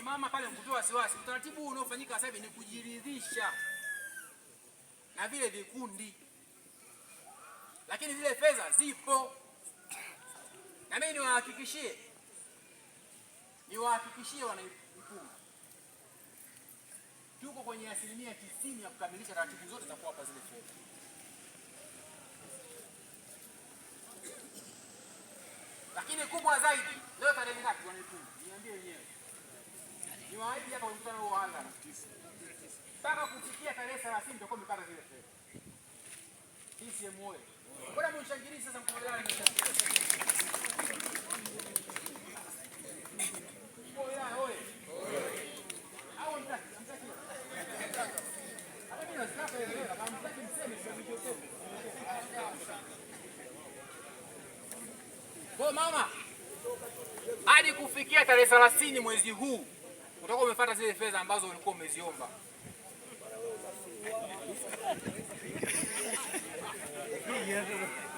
Yaani mama pale mkutoa wasiwasi. Utaratibu huu unaofanyika sasa hivi ni kujiridhisha na vile vikundi, lakini zile fedha zipo, na mimi niwahakikishie, niwahakikishie Wanaikumbu tuko kwenye asilimia tisini ya kukamilisha taratibu zote za kuwapa zile fedha. Lakini kubwa zaidi leo tarehe ngapi Wanaikumbu? Niambie wenyewe waahidi hapa mkutano wa hadhara mpaka kufikia tarehe thelathini tutakuwa tumepata zile fedha. CCM oyee! Mbona mshangilie sasa? Mkoa wilaya oyee! Au mama hadi kufikia tarehe 30 mwezi huu utakuwa umefuata zile fedha ambazo ulikuwa umeziomba.